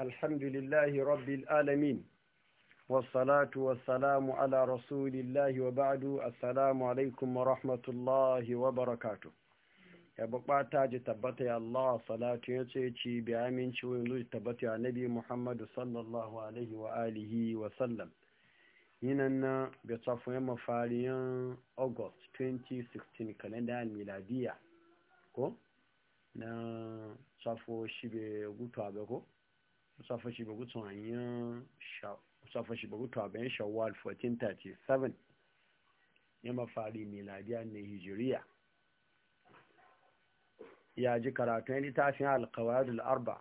الحمد لله رب العالمين والصلاة والسلام على رسول الله وبعد السلام عليكم ورحمة الله وبركاته ya bukata ji tabbata ya Allah salatu ya ce ci bi aminci wani zuci tabbata ya nabi Muhammadu sallallahu alaihi wa alihi wa na mafariyan 2016 kalendar miladiya ko na tsafo shi bai gutu abe ko safashi bugu tsohon bugu tabayin shawwal 1437 ya mafari miladiya ne hijiriya ya ji karatun littafin alkawadul arba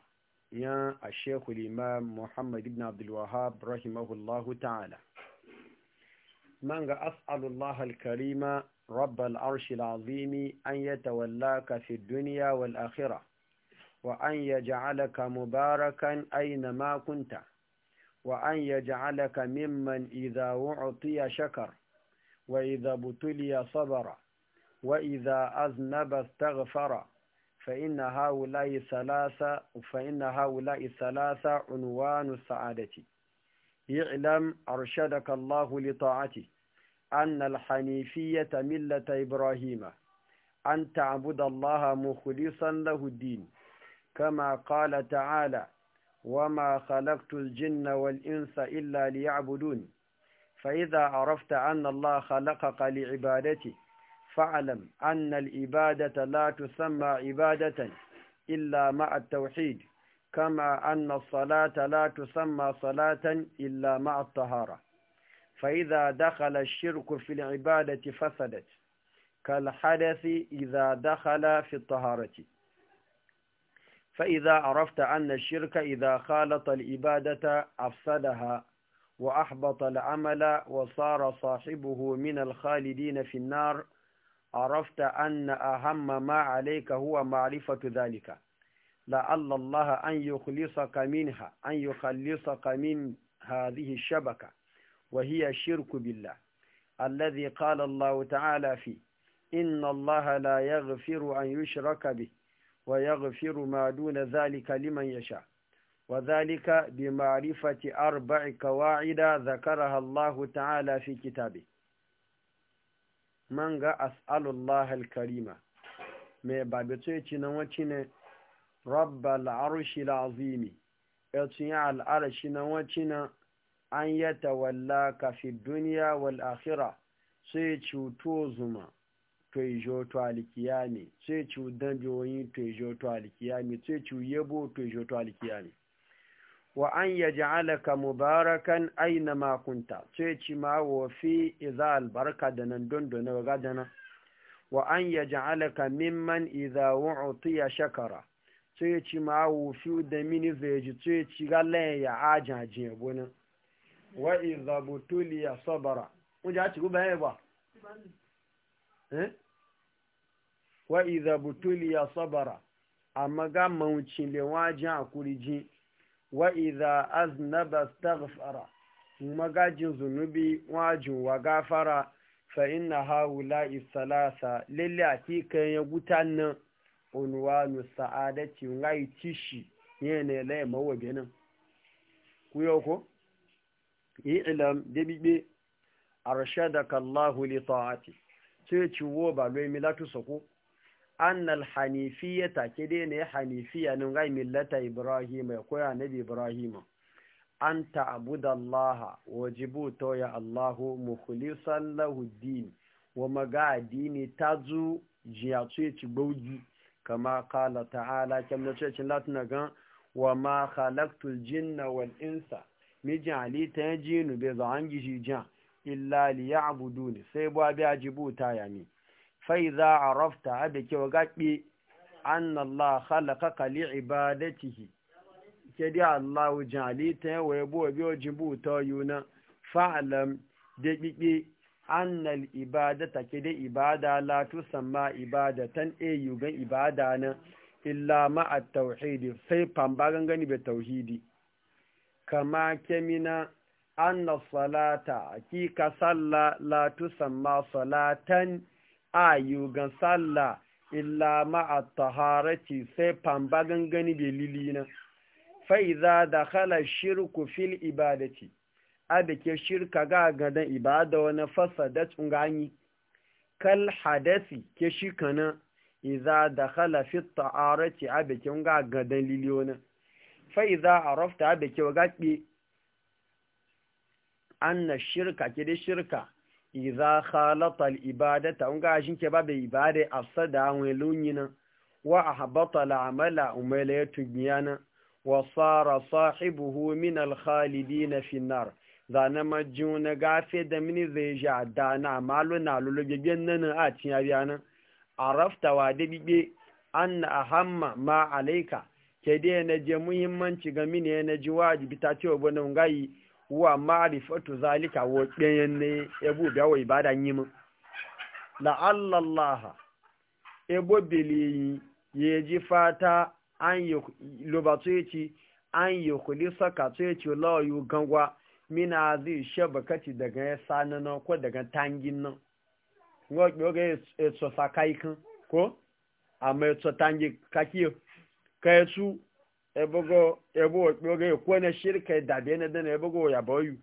ya a shekul imam muhammad ibn abdulwahab rahimahullahu ta'ala من Karima, الله الكريم رب العرش العظيم أن يتولاك duniya الدنيا والآخرة وأن يجعلك مباركا أينما كنت وأن يجعلك ممن إذا أعطي شكر وإذا بتلي صبر وإذا أذنب استغفر فإن هؤلاء ثلاثة فإن هؤلاء الثلاثة عنوان السعادة يعلم أرشدك الله لطاعته أن الحنيفية ملة إبراهيم أن تعبد الله مخلصا له الدين كما قال تعالى وما خلقت الجن والإنس إلا ليعبدون فإذا عرفت أن الله خلقك لعبادته فاعلم أن الإبادة لا تسمى عبادة إلا مع التوحيد كما أن الصلاة لا تسمى صلاة إلا مع الطهارة فإذا دخل الشرك في العبادة فسدت كالحدث إذا دخل في الطهارة فإذا عرفت أن الشرك إذا خالط الإبادة أفسدها وأحبط العمل وصار صاحبه من الخالدين في النار عرفت أن أهم ما عليك هو معرفة ذلك لعل الله أن يخلصك منها أن يخلصك من هذه الشبكة وهي الشرك بالله الذي قال الله تعالى فيه إن الله لا يغفر أن يشرك به wa ya gafiru maduna zalika liman ya sha wa zalika bi ma'rifati arba'i kawa'ida zakaraha Allah ta'ala fi kitabi manga as'alu Allah al-karima mai babe to yace nan wace ne rabbal arshi al-azimi yace ya al-arshi nan wace nan an yatawalla ka fi dunya wal akhirah sai cuto zuma twejo to alikiyami sai ci dan biyoyin twejo to alikiyami sai ci yabo twejo to alikiyami wa an yaj'alaka mubarakan aina makunta kunta ci ma wa iza albarka da nan don don ga dana wa an ya yaj'alaka mimman iza u'tiya shakara sai ci ma wa da mini zai ji sai ci galle ya ajaje bonin wa idza butuliya sabara kun ja ci ku ba eh wa butuli ya sabara amma ga mawucin lewajin akuriji wa idha aznaba staghfara magajin zunubi wajin wa gafara fa inna haula isalasa lalle kan ya gutan unwanu sa'adati ngai tishi ne le mawo benin ku yoko yi ilam da bibe arshadaka allah li ta'ati ce ciwo ba lo mi latu sako annal hanifiya ta ke dai ne hanifiya nun gai millata ibrahim ya koya nabi ibrahim an ta'budallaha wajibu to ya allahu mukhlisan lahu din wa maga dini tazu jiya ce ci kama kala ta'ala kam na ce latin gan wa ma khalaqtul jinna wal insa mijin halitta ya jinu bai zo an gishi jan illa liya'buduni sai ba biya jibuta ya ni faiza a rafta da kyau gaɓi an Allah halaka kali ibadatihi ke di Allah wujin alita ya waye buwa biyo ta yuna fa'alam da ɓiɓi annal ibadata ke da ibada la sama ibadatan e yugan ibada na illa ma'a tauhidi sai fambagan gani bai tauhidi kama kemina anna salata kika salla la sama salatan a yugan salla illa ma'a taharati sai famba gangani bai lili na fa'iza da khala shirku fil ibadati a da ke shirka ga gadan ibada wani fasada kal hadasi ke shirka na iza da khala fi taharati a da ke ga gadan lili fa'iza a rafta a da ke gaɓe an shirka ke da shirka Iza khalata al ibadata un ga shin ke ba be ibade afsada wa lunyina wa ahbata al amala umala yatugiyana wa sara sahibuhu min al khalidin fi nar zana majuna gafe da mini zai ja dana malu na lulu gegen nan a cin yabiyana arafta wa da bibe an ahamma ma alaika ke dai na je muhimmanci ga mini na ji wajibi ta ce wa bana wa ma'rifatu zalika wa ɗayan ne ebo wa ibada yi mu la'allallaha ebo biliyi ya ji fata an yi lobatoci an yi kuli saka toci lawayu gangwa mina zai shabakaci daga ya sani nan ko daga tangin nan ngogbe ga etso sakai kan ko amma etso tangi kakiyo ka yasu ebogo ebo okpoge kwana shirka da be na dana ebogo ya boyu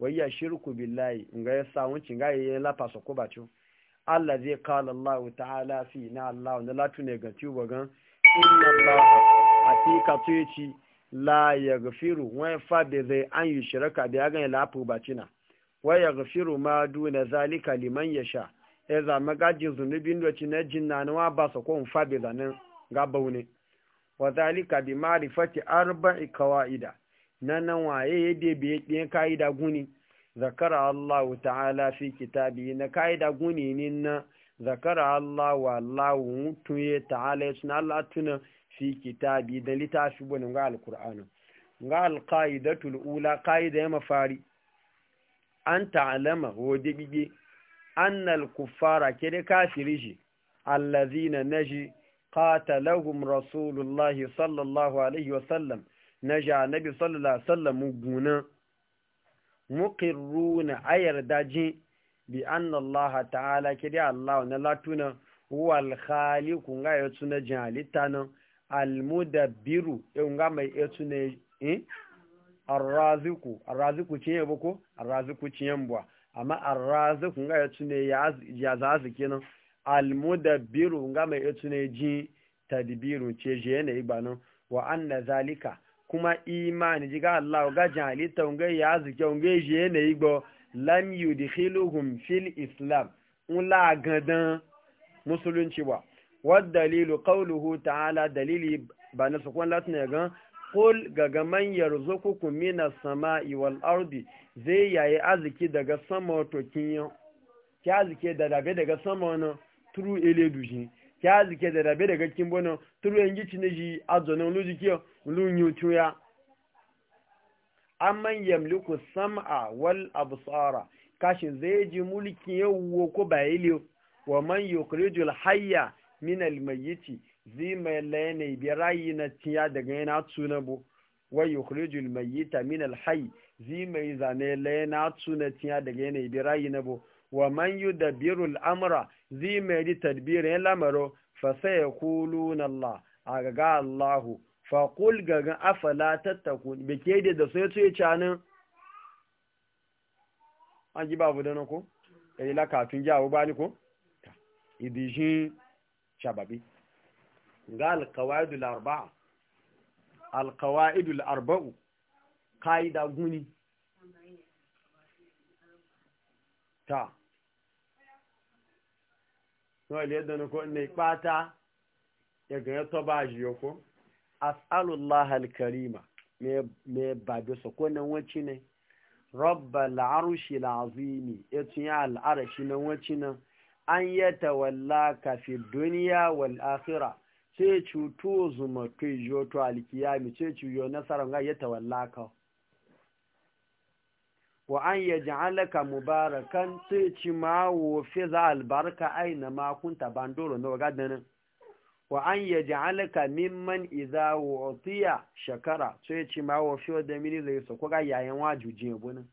wayya shirku billahi nga ya sa wuncin ga ya la paso ko bacho Allah zai kala Allah ta'ala fi na Allah na latu ne ga tuba gan inna Allah atika tuci la yaghfiru wa fa be zai an yi shirka da ga la fu bacina wa yaghfiru ma duna zalika liman yasha ya zama gajin zunubin doci na jinnanawa ba su ko fa be zanin ga baune wazalika bi ma'rifati arba'i na nan waye yadda biye ɗin ka'ida guni zakara Allah ta'ala fi kitabi na ka'ida guni ne na zakara Allah wa Allah mutuye ta'ala suna Allah tuna fi kitabi da littafi bane ga alqur'ani ga alqaidatul ula qaida ya mafari an ta'alama wa bige annal kuffara kire kafirishi allazina naji qatalahum rasulullahi sallallahu alaihi wasallam na ja nabi sallallahu alaihi wasallam guna muqirruna ayar daji bi anna Allah ta'ala kidi Allah na latuna wal khaliqu nga yatsu na jalita nan al mudabbiru e nga mai yatsu ne eh ar arraziku ce yabo ko arraziku ce yamba amma arraziku nga yatsu ne ya ya zazu kenan almudabiru nga mai otu ji tadbirun ce je ne ibanu wa anna zalika kuma imani ji ga Allah ga jalita nga ya zuke nga je ne igbo lam yudkhiluhum fil islam ula gadan musulunci ba wa dalilu qawluhu ta'ala dalili bana su kwan latin ga qul gaga man yarzukukum min as-sama'i wal ardi zai yayi azuki daga sama to kin yo ki azuke da daga sama no turu ele duji ya zike da rabe daga kin bono turu yangi cine ji azona lu jike lu nyutu ya amman yamliku sam'a wal absara kashin zai ji mulki yawo ko bayiliyo wa man yukhrijul hayya min al mayyiti zai mai layane bi rayi na tiya daga yana tsuna bo wa yukhrijul mayita min al hayy zai mai zane layana tsuna tiya daga yana bi rayi na bo wa man yudabbiru al amra zi mai di tadbirin lamaro fasa ya kulu na Allah a gaga Allahu faƙul gagan afala tattaku ke da sai su canin an ji babu da ko ɗari lakatun ji abu ni ko idishin shababi ga alkawa'idul arba'a alkawa'idul arba'u ka'ida guni ta náà ilé dánu kó ní pátá ẹgbẹ̀rẹ́ tọ́ bá yìí ọkọ́ as'alullah al-karima me babe su ko nan wacce ne rabba al'arushi al'azimi etun ya al'arashi wọ́n wacce nan an yi tawalla ka fi duniya wal akhira ce cutu zuma kai yoto alkiyami sai ciyo nasarar ga ya tawalla ka wa an ya ja'alaka mubarakan sai ci ma wo fi za albarka aina ma kunta bandoro na waga dana wa an ya ja'alaka mimman idza utiya shakara ya ci ma wo fi da mini zai so koga yayan wajuje bunin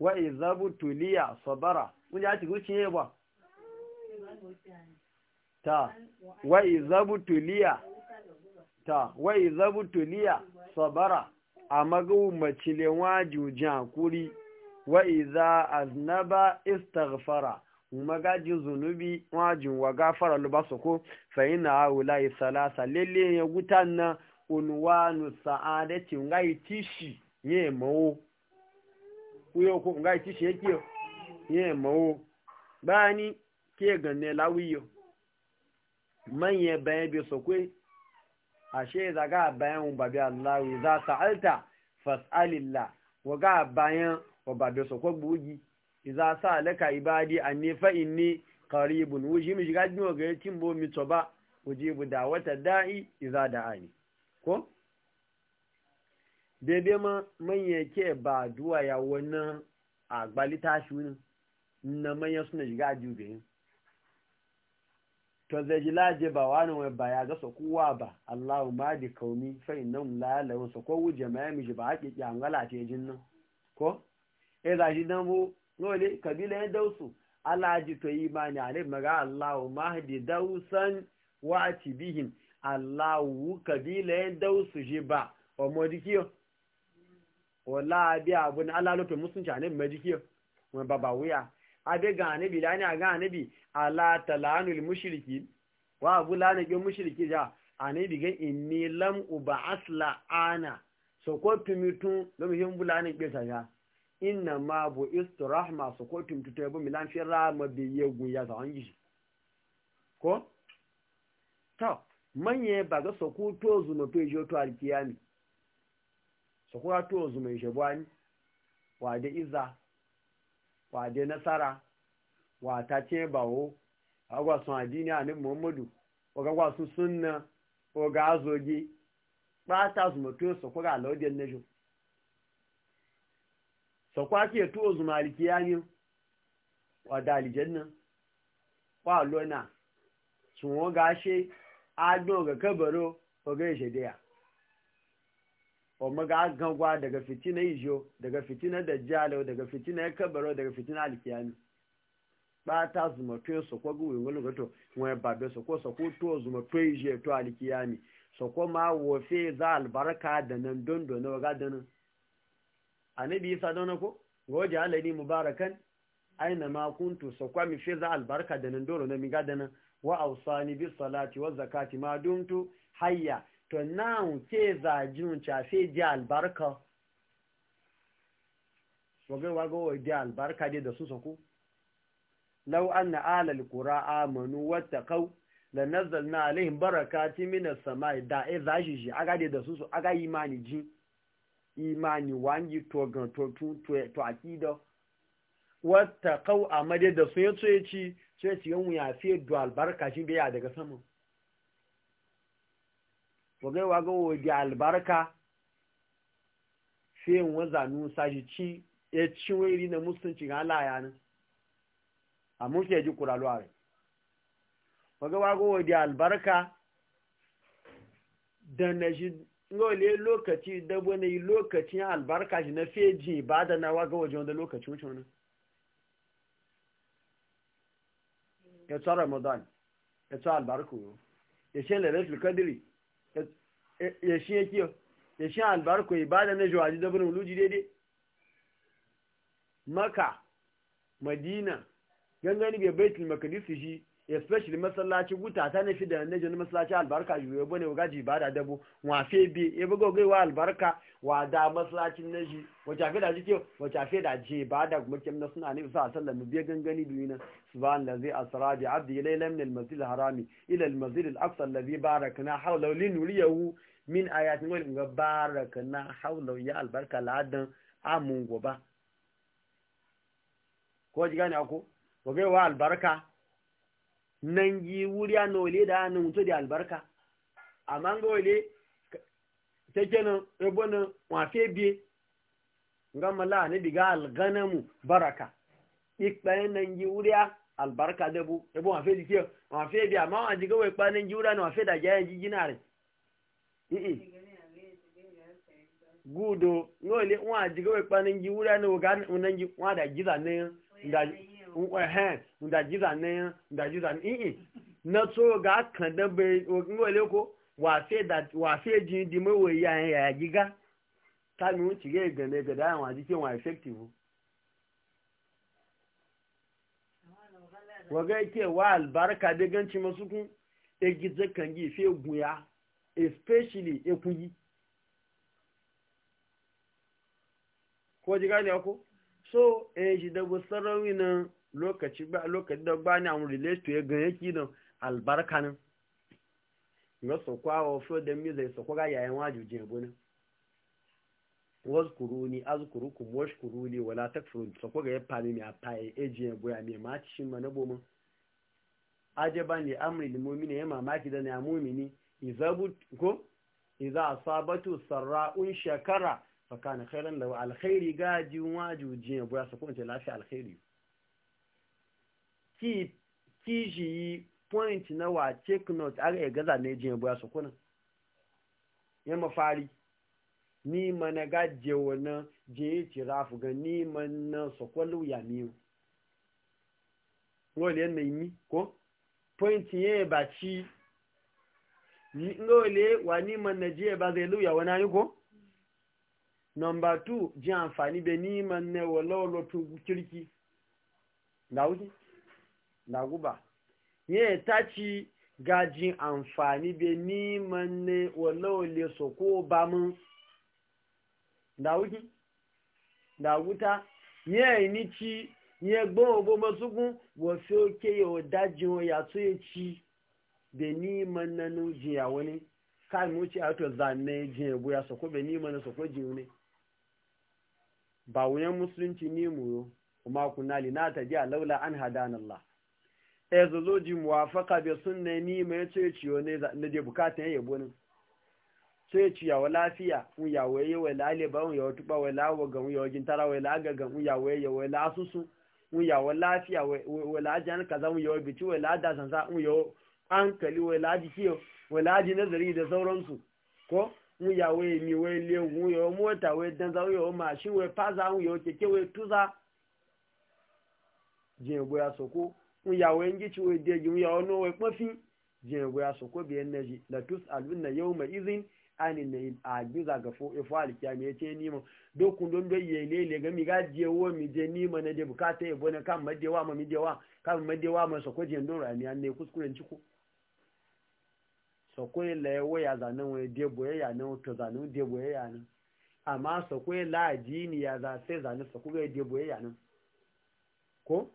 wa idza tuliya sabara kun ya ci guci ne ba ta wa idza tuliya ta wa sabara a magawu macile waju jakuri wa iza aznaba istaghfara magaji zunubi wajin wa gafara lubasu ko fa ina haula salasa lalle ya gutan na unwanu sa'adati ngai tishi ye mawo kuyo ko ngai tishi yake ye mawo bani ke ganne lawiyo manye bayan bi sokwe ashe zaga bayan babi Allah za fasalilla fas'alillah ga bayan wa babi so ko iza sa sa'alaka ibadi an ne fa inni qaribun wuji mi ga jino ga yakin bo mi toba da wata da'i iza da'ani ko bebe ma manye ke ba duwa ya wannan agbalita shi na manya suna shiga ajiyu bayan to zai ji laje ba wani wani ba ya ga su kowa ba Allahu ma di kauni fa innahum la yalawu su ko wuje ma mi ji ba haƙi ki an gala jin nan ko e da shi dan mu dole kabila ya dausu alaji to yi imani ale maga Allahu mahdi dausan wa atibihim Allahu kabila ya dausu ji ba o modikiyo wala bi abun Allah lutu musunci anin modikiyo wani wuya. abe ga anabi lani a ga anabi ala talanul mushriki wa abu lani ke mushriki ja anabi ga inni lam uba asla ana so ko tumitu lo mi himbu lani ke ta ja inna ma bu istirahma so ko tumitu te bu milan fi rama bi yegun ya za hangi ko to manye ba ga so ko tozu zuma to jo to alkiyami so ko to zuma je bwani wa de izza wade nasara wata ce bawo agwa sun a nin muhammadu oga gwa su sunna oga azogi bata su mutu su kuga laudiyar na sakwa su kwake tuwo zumariki yanyin wada alijanna wa lona sun oga she adon oga kabaro oga omega gangwa daga fitina ijo daga fitina dajjalo daga fitina kabaro daga fitina alkiyani ba ta zuma to so ko guwe goto mo ba babe so ko so ko to zuma to ije to alkiyani so ko ma wo fe za albarka da nan dondo na ga da anabi isa don ko goje alani mubarakan aina ma kuntu so ko mi fe za albarka da nan don na mi ga da wa awsani bis salati wa zakati ma dumtu hayya to nan ke zajin cafe ji albarka wagewa gawa ji albarka dai da su sako lau an na alal kura amanu wata kau da nazar na alihin baraka ti minas sama da e zashi shi aga dai da su su aga imani ji imani wangi to gan to tun to da wata kau a madai da su ya ce ci sai ci yawon ya fi da albarka shi biya daga saman to gai wa gawo da albarka sai yin waza nusa shi ci ya ci wuri na musulunci ga Allah ya nan a ya ji kuralu a rai wa gawa gawo da albarka da na shi ngole lokaci da wani lokacin albarka shi na feji ba da na waga waje wanda lokacin wuce wani ya tsara ramadan ya tsara yau ya shi lalata kadiri ya shi ya shi albarko ibada na jawaji da burin luji daidai maka madina gangani bai baitul makadisi shi especially masallaci guta ta ne shi da ne jini masallaci albarka juyo bane wa gaji ba da dabo wa fe bi ya bugo gai wa albarka wa da masallaci ne shi wace fe da jike wace fe da je ba da kuma na suna ne sa sallam bi gangani duyi na subhanallazi asra bi abdi layla min almasjid alharami ila almasjid alaqsa alladhi barakna hawla linuriyahu min ayatin wal barakna hawla ya albarka ladan amun goba ko ji gane ko wa gai wa albarka nan yi wuri na ole da hannun mutu da albarka amma ga ole ta kenan ebonin wafe biye gama la ne diga alganamu baraka ikpayen nan yi wuri albarka da bu ebo wafe jike wafe biya amma wa jiga wai kwanan yi wuri na wafe da jayen jigina re gudo ngole nwa jiga wai kwanan yi wuri na wa da giza ne ehe ndajiza ne ndajiza ni na so ga kan dan be ngole ko wa se da wa se jin di mo we ya ya giga ta mi won ti ge gan ne gada àwọn adi ke won effective wa ga ke wa albarka de ganci masukun e gize kan gi fe gun ya especially ekun yi ko ji gane ko so e ji da bu sarawi nan lokaci ba lokaci da ba ni amu relate to yagan ganye ki don albarka nan ga kwa wa fo da mi zai kwa ga yayin wajuje bona wazkuruni azkurukum washkuruni wala takfurun kwa ga e ya fami mi apaye ejiye boya mi ma ci ma na boma ajaban ni amri lil mu'mini ya e mamaki da na mu'mini izabu ko idza asabatu sarra'un shakara fa kana khairan law alkhairi gajin wajuje so kwa ce lafiya alkhairi ki yi point na wa check note aga ya gaza ne jin buya su kuna ya mafari ni mana gaje wani je ci rafu ga ni mana su kwallo ya miyu wani yana yi ko point ya yi ba ci ngole wa ni mana je ba zai luya wani ayi ko number two jin amfani da ni mana wa lawalo kirki na wuce laguba ye ta ci gajin amfani be niman ne wallawale so ko ba mun da wuki da wuta ye ni ci ye gbọ́n ogbo mọ́sùkún wọ́n fi ó kéye ya wọn yàtọ̀ èchi be niman nanu jìyàwó ni káàmì ó ci àtọ̀ zanne jìyàn bóyá ko be niman na ko jìyàn ne ba wuyan musulunci ni mu yo kuma kunali na ta ji laula an hadanallah ezoloji muwafaka bai sunna ni mai ceciyo ne na je ya yabo ne ce ciya wa lafiya un ya waye wa lale ba un ya yawo ba wa lawo ga un ya yawo tara wa laga ga un ya waye wa lasusu un ya wa lafiya wa lajan kaza un ya yawo bici wa lada sansa un yawo hankali wa laji kiyo wa laji nazari da sauransu ko un ya waye mi wa lewu un yawo mota wa danza un ya yawo mashin wa faza un yawo keke wa tuza jin goya soko ìyàwó ẹnjí tí wọ́n dẹ̀ yìí ìyàwó náà wọ́n pọ́n fín jẹ́ ìwé asọ̀kọ́ bí ẹn nẹ́jì latus alunna yau izin na agbíza ga ifo e alikiya mai ce nima dokun don don yi ne ile gami ga je wo mi je nima na de bukata ibo na kan madewa ma midewa kan madewa ma don ya zanen wani de boye ya ya sai ko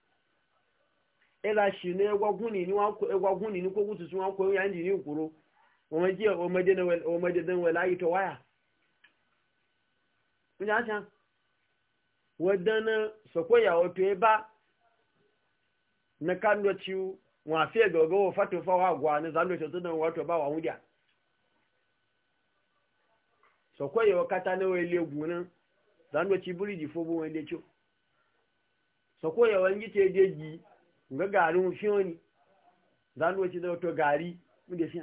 ila shi ne gwaguni ni wako gwaguni ni ko gutu sun wako yanji ni kuro o maji o maji na o maji dan wala yi to waya kunya san wadana sokoya o to ba na kando ciu wa fe gogo fato fa to fa wa gwa ne zando to dan wato ba wa wudiya ya o kata ne wele gunan zando ci buriji fo bo wele ciu sokoya wangi te jeji ga garin shoni zan wuce da wato gari mun da shi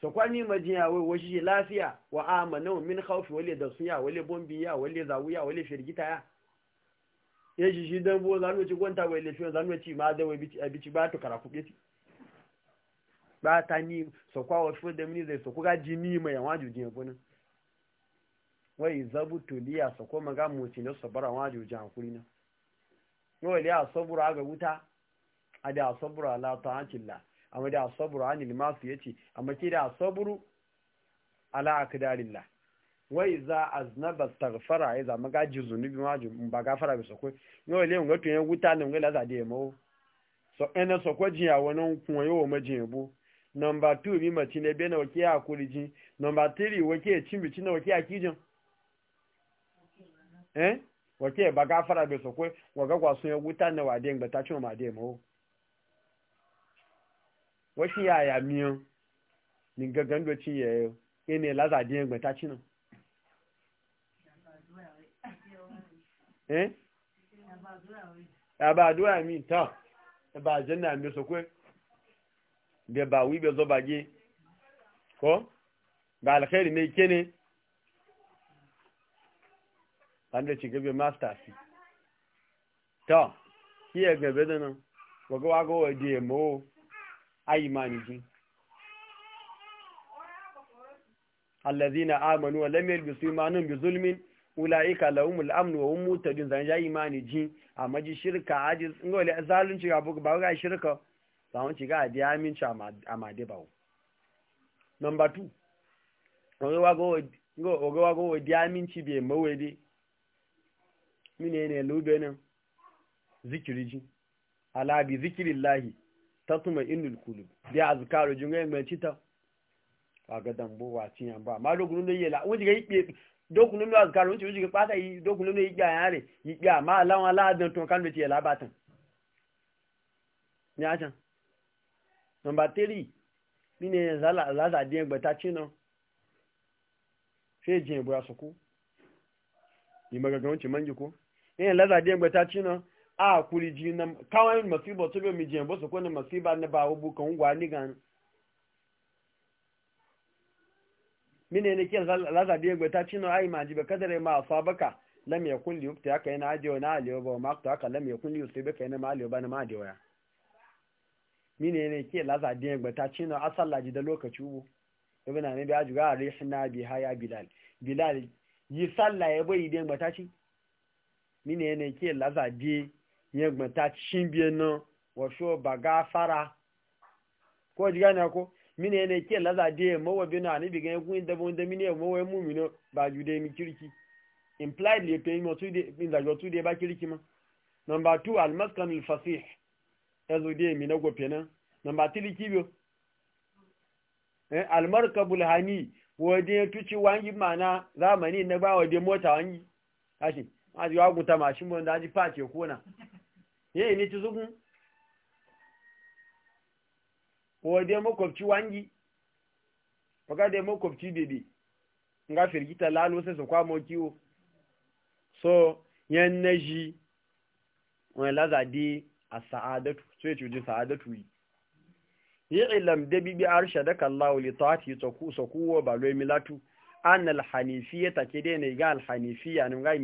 so kwani majiya wai washi lafiya wa wa min haufi wale da suya wale bombiya wale zawuya wale firgita ya ya shi shi dan bo zan wuce gwanta wai lafiya zan wuce ma da wai bici ba ta karafu shi ba ta ni so wasu fi da mini zai so ga jini mai yawa jujin kuna wai zabu tuliya so ko maga mutin so bara wa jujin na yau da asabura ga wuta a da asabura ala ta'atillah amma da asabura anil masu ce amma ke da saburu ala akdarillah wai za aznaba fara ya zama gaji zunubi ma ba gafara bi sokoi yau le ngoto yan wuta na ngala da ya mo so ene sokoi jiya wani kun yo ma 2 bi na wake 3 wake wake eh wake ba gafara bai sokwe waga kwaso ya wuta na wade ba ta ce made mawo wasu yaya miyan ni gangan doci ya yi ene laza diyan ba ta ci na eh ya ba duwa mi ta ba janna mi sokwe da ba wi be zo bage ko ba alkhairi ne kene wanda ci gabe masters to kiye gabe da nan wago wago wa dmo ayi maniji allazina amanu wa lam yalbisu imanan bi zulmin ulaika lahumul amn wa hum muhtadun zan ja imaniji amma ji shirka ajiz le zalun ci buga ba ga shirka sawon ci ga biya min cha de ba number 2 wago wago wago wago biya min ci be mawede mine ne lube nan zikiri ji alabi zikirin lahi ta tuma inul kulu bi a zukaru jin gayan mai cita a ga dambo wa cin yan ba ma dokunan da yi la wani ga yi dokunan da zukaru wani wani ga kwata yi dokunan da yi gya yare yi gya ma alawan la'adun tun kan da ce labatan ni a can number three mine ne lazadiyan gbata cinan sai jin ya buya su ku yi magagawancin manji ko yin laza da yamma ta ci a kuri ji na kawai yin masiba to bai mijiyan ba su masiba na ba abu kan gwa ni gan mine ne kiyan laza da yamma ta ci nan ai maji ba kadare ma asabaka lam yakun li yukta kai na ajiyo na aliyo ba ma ta haka lam yakun li yusibe kai na ma aliyo na ma adiyo ya mine ne kiyan laza da yamma ta ci nan ebe na lokaci ubu ibn anabi na rihna ha ya bilal bilal yi sallah ya bai idan ba mini yana ke lazade ya gbata bi eno wo wasu baga fara ko ji na ko mini yana ke lazade mo mawa bi na bi ganye kun dabo da mo ya mu ya no ba de mi kiriki implied le pe mo de in da jo de ba kiriki ma number 2 al maskan al fasih yazo de mi na pe na number 3 kibiyo eh al al hani tu tuci wangi mana zamani na ba de mota wangi ashi a ji wagunta mashin mu da ji face kona yayi ni ci zugun ko dai makwabci wangi baka dai makwabci dede nga firgita lalo sai su kwamo kiwo so yan naji wani lazade a sa'adatu sai tuji sa'adatu yi yi ilam da bibi arshadaka Allah li taati sakuwa ba milatu an alhanifiya ta ke dai ne ga alhanifiya ne ngai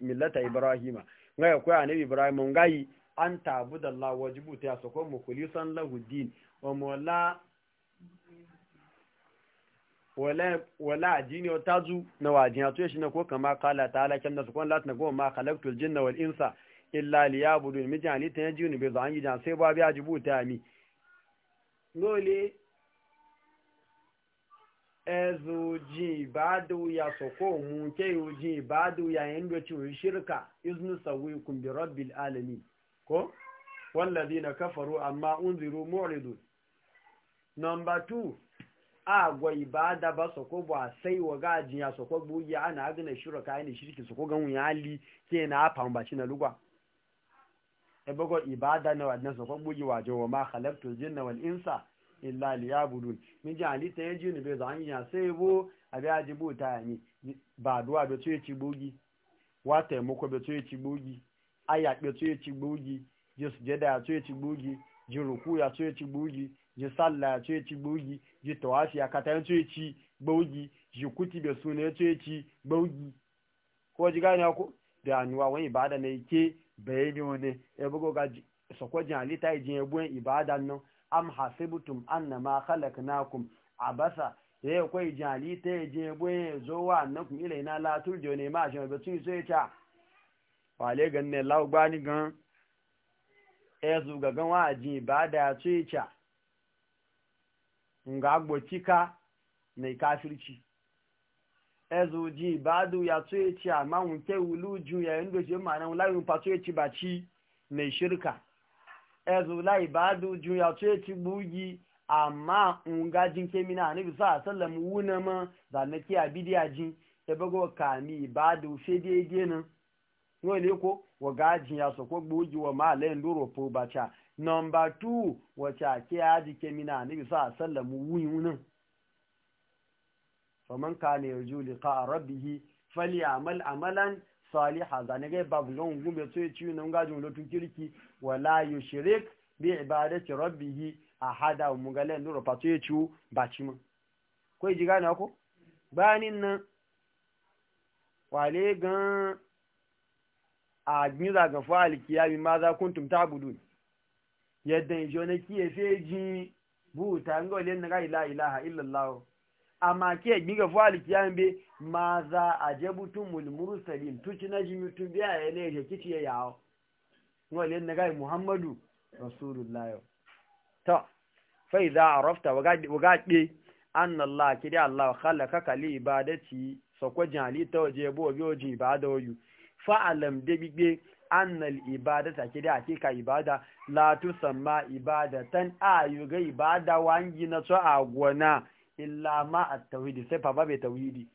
millata ibrahima ngai akwai annabi ibrahima ngai an tabu da Allah wajibu ta so ko mu kulisan lahu din wa mola wala wala ajini wa tazu na wajin ya tuye shi na ko kama kala ta'ala kan da su kon latin goma ma khalaqtul jinna wal insa illa liyabudu mijali tan jinu bi zan yi jan sai ba bi ajibu ta mi ngole ezu ji badu ya soko mu ke ji badu ya yanda ci shirka iznu sawikum bi rabbil alamin ko walladhina kafaru amma unziru muridu number 2 agwa ibada ba soko ba sai wa gaji ya soko bugi ana agna shirka ne shirki soko gan ya ali ke na ba baci na lugwa e bogo ibada na wadna soko waje wa ma khalaqtu jinna wal insa illa liyabudun min ji halitta ya ji nube za hanyar sai bo a biya ji bota ya ne ba duwa da tsoye ci bogi wa taimako da tsoye ci bogi aya da tsoye ci bogi ji sujada ya tsoye ci bogi ji ruku ya tsoye ci bogi ji sallah ya tsoye ci bogi ji tawafi ya kata ya tsoye ci bogi ji kuti da suna ya tsoye ci bogi ko ji gane ko da anuwa wani ibada na ike bayani wani ya e bugo ga sakwajin halitta ya ji ibada buwan ibadan am hasibtum annama khalaqnakum abasa ye koi jali te je boye zo wa annakum ilaina la turjo ne ma shi ba tun sai ta wale ganne law gani gan e zu ga gan wa ji ibada ya tun ta nga gbotika ne kafirci e zu ji ibadu ya sai ta ma un te wulu ju ya ndo je ma na lawo pa sai ci ba ci ne shirka ezula ibadu juya ce ci bugi amma ngajin kemina bi sa sallam wuna ma zanaki abidiya jin e bago kami ibadu e na gena wole ko wa gajin ya so ko bugi wa ma le nduro po bacha number 2 wacha ke aji kemina bi sa sallam wuyuna faman kana yarju liqa fali falyamal amalan saliha zane ga babu zan gumbe so ya ciwo nan gajin lotun kirki wala shirik bi ibadati rabbih ahada mu ga lan nuru fato ya ciwo ba ci mun ko ji gane ako bayanin nan wale gan a gini ga fa maza ma za kuntum ta'budun yadda ijo na kiye feji buta ngole na ga ilaha illallah amma ke gbiga fuhali kiyan be ma za a je jabutun mulmursalin tuci na tu biya ya ne ya kici ya yawo wale na gai muhammadu rasulullah yau ta fai za a rafta wagaɗe an Allah kiri Allah halaka kali ibadaci sakwajin ta waje bo biyo ji ibada wayu fa'alam da bigbe annal ibadata kiri kika ibada la tusamma ibadatan yi ga ibada wangi na so a gona illa ma at-tauhid sai fa babe tauhidi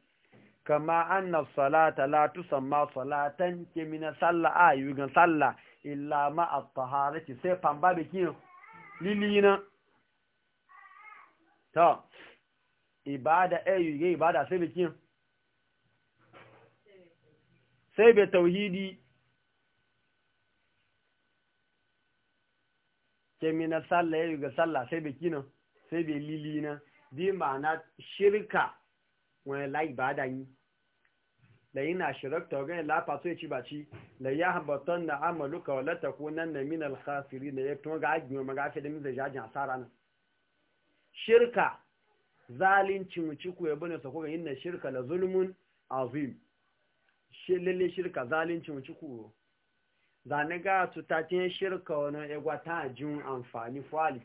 kama anna salata la tusamma salatan ke min salla ayu gan salla illa ma at-taharati sai fa babe kin lilina ta ibada ayu eh, ga ibada sai bikin sai be tauhidi ke min salla ayu eh, gan salla sai bikin sai be lilina bi ma'ana shirka wani la ibada yi da yi na shirakta wa lafa so ya ci baci da ya haɓata na amaluka wa ko nan na min alkhasiri da ya tun ga wa magafi da min zai jajin asara nan shirka zalincin wuci ku ya bane sako ga yin na shirka da zulmun azim lalle shirka zalincin wuci ku zane ga tutatin shirka wani ya gwata jin amfani fuwa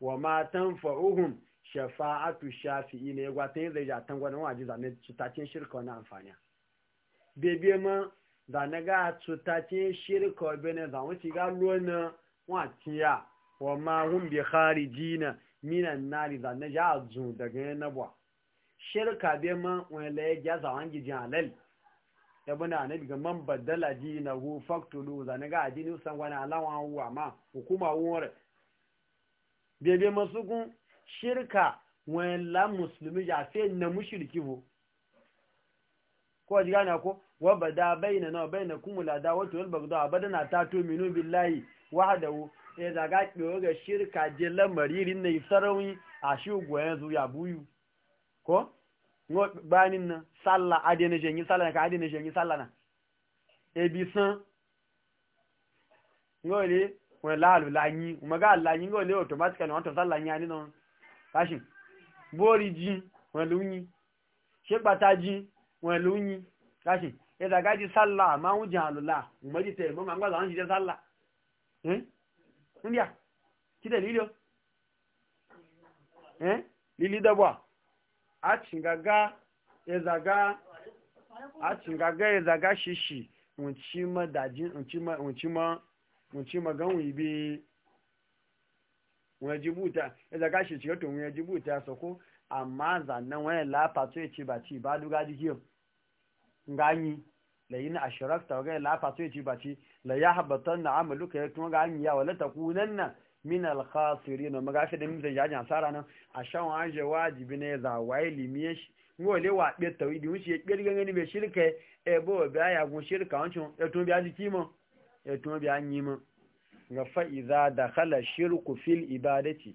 wa matan fa'uhun shafa'atu shafi'i ne wata yin zai ja tangwanin waje zane cutacin shirka wani amfani bebe ma zane ga cutacin shirka wani zane wuce ga lona waciya wa ma hun bi khariji na minan nari zane ja zu daga yin nabuwa shirka be ma wani laye ja zawon gijin halal ya bane anabi ga man badala ji na hu faktulu zane ga ajini san wani alawan huwa ma hukuma wuwar bebe masu kun shirka wọn la musulmi ya fe na mushirki bu ko ji gane ko wa bada bayna na bayna kumula da wato wal bagda abadana ta to minu billahi wahdahu ya e zaga kiyo ga shirka je lamaririn ne sarawi a shi goyen zu ya buyu ko ngo banin na salla adene jengi salla ka adene jengi salla na e bi san ngo le wọn la lu la yin o maga la yin ngo le automatically wọn to salla yin ani don fashion bóòrí jí wọn ló yí ṣe pàtà jí wọn ló yí fashion ìdàgájí sálà máa ń jẹ àlùlà ìmọ̀jí tẹ̀ mọ́ máa ń gbàgbà ń shishi, sálà ẹ́ndíà títẹ̀ lílọ ẹ́n lílí dọ́bọ̀ àtìngàgá ẹ̀zàgá àtìngàgá ẹ̀zàgá ṣíṣì ǹchí mọ́ gan wọ̀nyí bíi wani jibuta ya zaka shi cikin tun wani jibuta ya sako amma zannan wani lafa to ya ce ba ci ba duga jikin ganyi na ashirar ashirakta ga lafa to ya ce ba ci ya na amaluka ya tun ganyi ya wala ta kunanna min alkhasirin na ga shi da min zai asara nan a shan waje wajibi ne za limiye shi wa be tawidi ya kirgan shirka e bo ba ya shirka wancin tun biya jiki mo tun ga fa'iza da khala shirku fil ibadati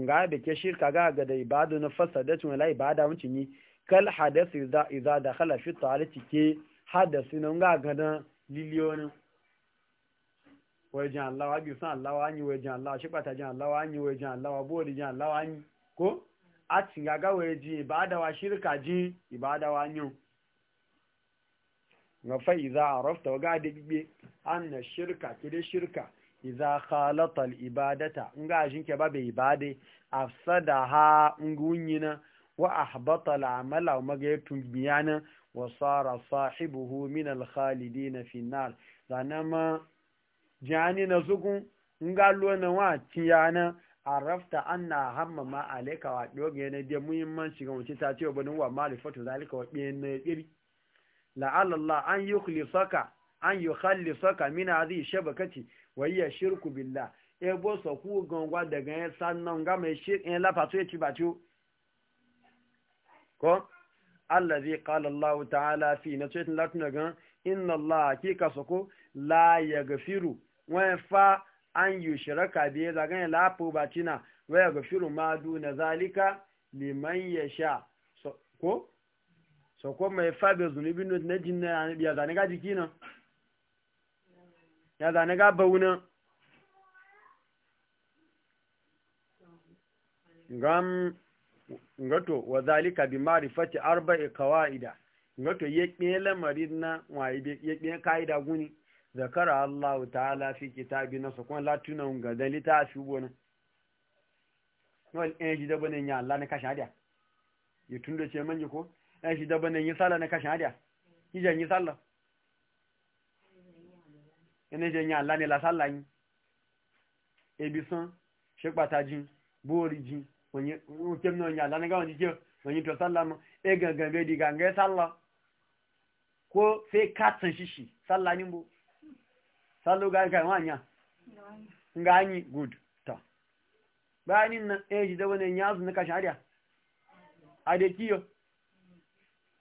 nga da ke shirka ga ga da ibadu na fasadatu wala ibada mun cinyi kal hadasu iza da khala fi talati ke hadasu na ga ga da liliyon waje Allah wa bi san Allah wa ni waje Allah shi pata jan Allah wa ni waje Allah wa bodi jan Allah wa ni ko a cin ga ga waje ibada wa shirka ji ibada wa ni nga fa iza arafta ga da bibe anna shirka kide shirka iza khalata al-ibadata ajin jinke babe ibade afsadaha ngunyina wa ahbata al-amala wa magaytun biyana wa sara sahibuhu min al-khalidin fi an-nar zanama jani na suku nga lona wa tiyana arafta anna hamma ma alayka wa doge ne da muhimmanci ga wuce ta ce wa banin wa malifatu zalika wa biyan biri la'alla an yukhlisaka an yukhallisaka min hadhihi shabakati wayya shirku billah e bo so ku gongwa daga yan sannan ga me shi in la fatu e ci ba ci ko allazi qala allah ta'ala fi nasihatin latuna gan inna allah hakika soko la yaghfiru wa fa an yushraka bi daga yan la po ba cina wa yaghfiru ma duna zalika liman yasha ko ko me fa be zunubi na jinna ya biya zani ga jikina ya za zane gaba wunan gam ngato wa zalika bi ma'rifati arba'i qawaida ngato yekne lamarin na wayi yekne kaida guni zakara Allah ta'ala fi kitabi na su kuma latuna ga dalita fi bona wal en ji da bane nya Allah ne kashi hadiya yutun da ce manje ko en ji da bane yin sallah na kashi hadiya kijan yin sallah ẹni jẹ yàn lánìí lásàlá yìí ebi sán ṣe pàtàjì bóòrì jì òun tẹ́mi jíjẹ́ mọ́ ẹ bẹ́ẹ̀ di kó fẹ́ kàtàn ṣíṣì sálà níbo sáló gangan àyà nga anyi good ta bayanin nan e eh ji e wani yanzu na kashin ariya a da kiyo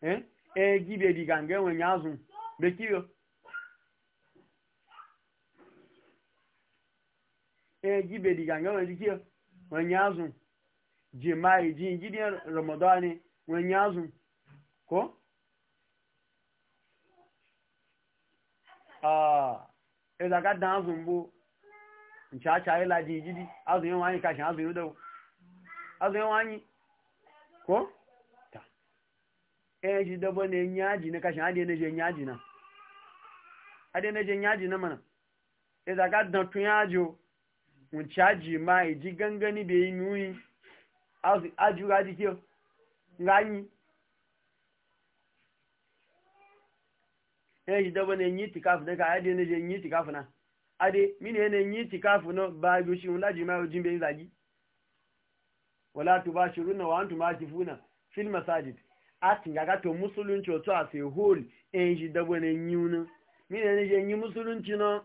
eh eh gibe di wani eh gibe diga ngawa e dikiyo wanyazu jimai jin gidiyan ramadani wanyazu ko ah eza ga danzu mbo nchacha ila e jin gidi azu yin wani kashin azu yin dawo azu anyị wani ko ta eh ji dabo ne nyaji ne kashin ade ne je na ade ne je nyaji na mana e eza ga dan tun yaji o ncaji ma iji gangani bai yi nuyi ajiyar jike ranyi ya shi daba na yi tikafu daga ade na yi tikafu na ade mini yana yi tikafu na ba biyu shi wula jima yau jin bai zagi wala tu ba shi runa wa'antu ma ti funa fil masajid a tingaga to musulunci otu a sai hol ya na daba na yi wuna mini yana yi musulunci na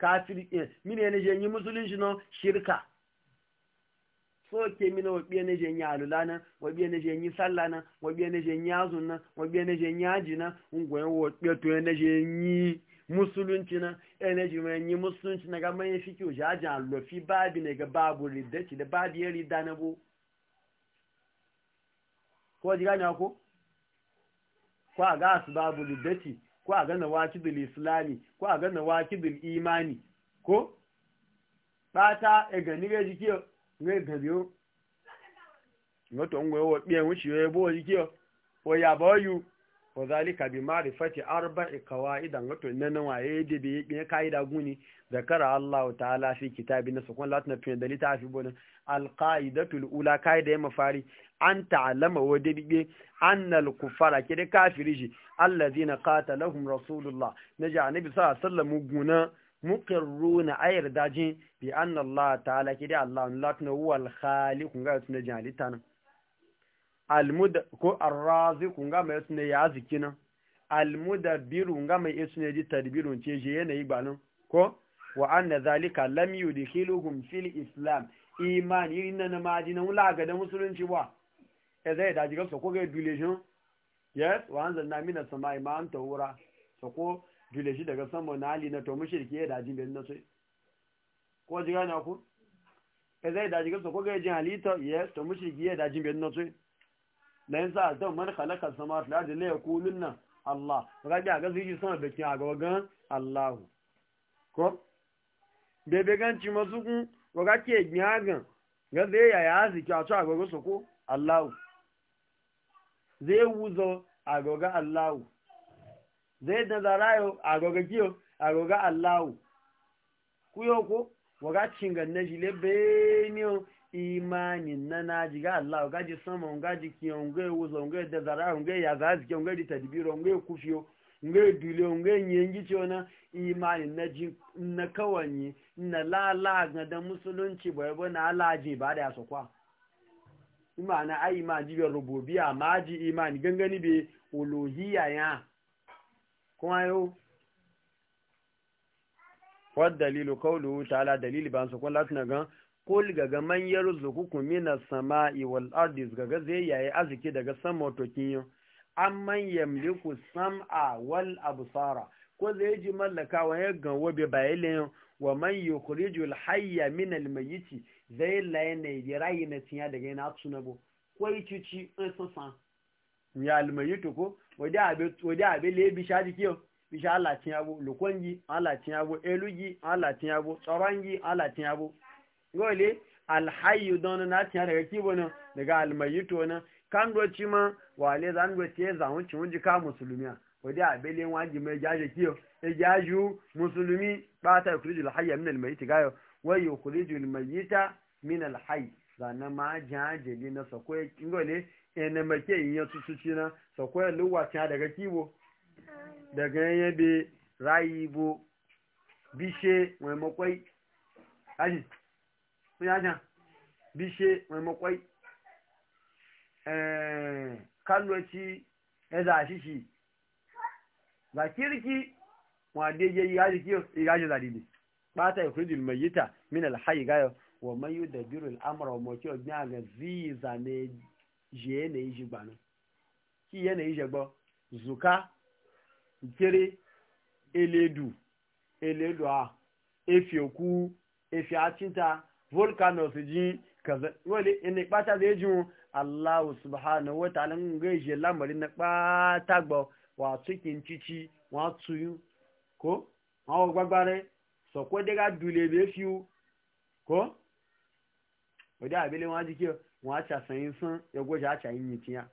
kafiri eh, mine ne jenyi musulunci no shirka so ke mina wa biye ne jenyi alula nan wa biye ne jenyi sallah nan wa biye ne jenyi azun nan wa biye ne jenyi aji nan ngwen wa biye to ne jenyi musulunci na ene ji mai yi musulunci na ga mai fiki o jaja lofi babi ne ga babu ridaci da babu ya e rida na bu ko ji gani ko a ga su babu ridaci ko a gana wakidul islami ko a gana wakidul imani ko bata e gani ga jikiyo ga gabiyo ngoto ngwe wo biye wushi wo bo jikiyo wo ya boyu wa zalika bi ma'rifati arba'i qawaidan wato nan waye da bi ne kaida guni zakara Allah ta'ala fi kitabi na sokon latin fi dalita fi bonan alqaidatu alula kaida mafari an ta'lama wa da bi anna al-kuffara kide kafiri ji allazina qatalahum rasulullah naja annabi sallallahu alaihi wasallam guna muqirruna ayr dajin bi anna Allah ta'ala kide Allah latin huwa al-khaliq ga tun jalita almuda ko arraziku nga mai sune ya zikina nan almudabbiru nga mai isu ne ji tadbirun ce je yanayi ba nan ko wa anna zalika lam yudkhiluhum fil islam iman irin na maji na wula ga da musulunci ba e zai da jiga ko ga dule shi yes wa anzalna minas samai ma'an tawura soko ko shi daga sama na ali na to mushriki ya da jin na sai ko jiga na ku e zai da jiga soko ga jin halita yes to mushriki ya da jin na sai na yin sa azan man khalaqa samawati na ya kulun nan Allah ga ga ga ziji sama da kin aga gan Allah ko be be gan ci mazu kun ga ke gnagan ga zai ya ya ziki a cewa ga su ko Allah zai wuzo a ga Allah zai da zarayo aga ga kiyo a ga Allah ku yau ko waga cingan na jile bai ni imanin na naji ga Allah ga ji sama ga ji kiyon ga wuzo ga da zara ga ya za ji ga di tadbiro ga kufiyo ga dule ga yengi chona imanin na ji na kawani na lala ga da musulunci bai ba na alaji ba da su kwa imana ai ma ji rububiyya ma ji imani gangani be uluhiyya ya kuma yau wadda dalilu kawo ta'ala dalili ba su kwallatu na gan kul gaga man yarzuqukum mina sama'i wal ardi gaga zai yayi aziki daga sama to an man yamliku sam'a wal absara ko zai ji mallaka wa ya ganwa be bayilin wa man al hayya min al mayyiti zai layne di na tiya daga tsuna bo ko yici in sosan ya al mayyitu ko wadi abe wadi abe le bi shaji kiyo bi sha Allah tiya bo lukongi Allah tiya bo elugi Allah tiya bo tsarangi Allah tiya bo gole alhayu don na tiya daga kibo nan daga almayito nan kan doci ma wale zan doci ya zamu ci mun jika musulmiya wadda abele waji mai jaje kiyo e jaju musulmi ba ta yukhrijul hayya min almayiti gayo wa yukhrijul mayita min alhayy zan ma jaje li na sakoye gole ene make yin ya ci na sakoye luwa ci daga kibo daga yabe rayibo bishe mai makwai aji. sun yajan bishe mai makwai kalloci ya zashi shi za kirki wade ya yi yaji kiyo yaji zadidi bata ya kudin mai yita min alhayi gayo wa mai yi da biru al'amura wa mokiyar gina ga ziza ne je na yi jigbanu ki yana yi jagbo zuka kere eledu eledu a efi oku efi acinta volcanoes ji kaza wale ina kpata zai ji Allah subhanahu wa ta'ala n ga je lamarin na kpata gba wa cikin cici wa tuyu ko awon gbagbare so ko daga dule be fi ko wadi abele wa ji ke wa cha sayin sun ya e goje a cha yin tiya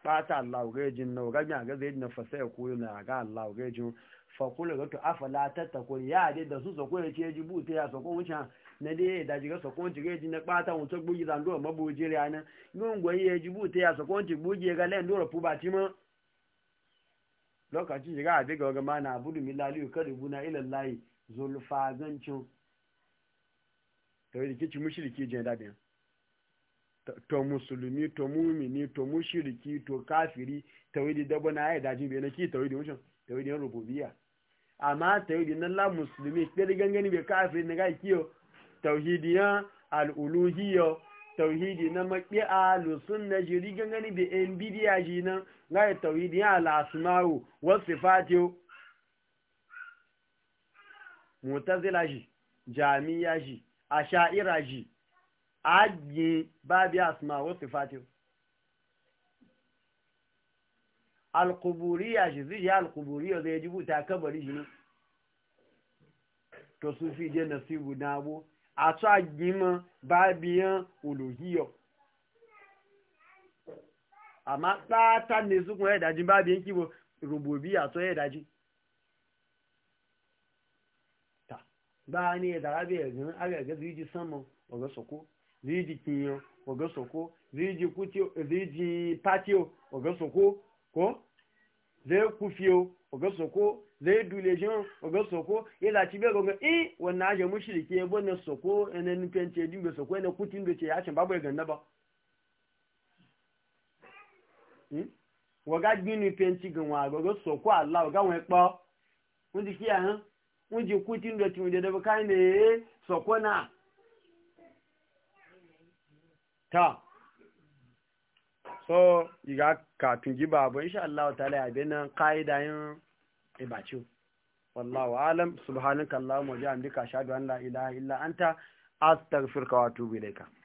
kpata Allah ga jin na ga ga zai na fasa ya koyo na ga Allah ga jin fa kula ga to afala tatakun ya de da su so ko e e ya ce ji bute ya so ko wucin na dai da jiga sokon jiga ji na kpata won to gbugi zan do mo bo jere ana ngun gwe ye jibu te ya sokon ti gbugi ga le do ro puba ti mo lokaci jiga abi ga ma na abudu milali ka rubuna ila lahi zulfa gancin to yi kici mushriki je da bi to musulmi to mumini to mushriki to kafiri tawhidi dabo na ya daji bai na ki tawhidi mushin tawhidi rububiyya amma tawhidi na la musulmi ɗaya gangani be kafiri na ga kiyo tauhidiyan al'uluhiyo tauhidi na maƙi'a lusun na jiri gangani da yan bidiya shi nan gaya tauhidiyan al’asimaru wasu fatiyo mutazila shi jami'a shi a sha'ira shi ajiye babi asma wasu fatiyo alkuburiya shi zai ya alkuburiya zai jibuta kabari shi ne to fi je nasibu na abu àtọ́ àgbìmọ̀ bá bí yán olùhíyọ̀ àmá pátá ní sókùn ẹ̀dàjí bá bí ń kíbo rògbòbí àtọ́ ẹ̀dàjí tà bá ní ẹ̀dàrá bí ẹ̀gbìn arẹ̀gẹ́ sí ìjì sánmọ̀ ọ̀gọ́sọ̀kó ríjì kìyàn ọ̀gọ́sọ̀kó ríjì pátí ọ̀gọ́sọ̀kó kó zẹ́kúfíò ogasoko zai dule shi ya zaci bai gonga i eh, wannan ajiyar mushirike ya bane soko yana nufin ce dimbe soko yana kutin da ce ya ce babu ya ganda ba waga hmm? gbinu penti gan wa gogo soko ala waga wọn pa wọn ti kí ahán wọn ti kutin da tiwọn dẹdẹ bá soko na ta so iga katun giba abu insha Allah ta'ala ya bena qaida yin ibacu wallahu alam subhanaka allahumma wa bihamdika ashhadu an la ilaha illa anta astaghfiruka wa atubu ilayka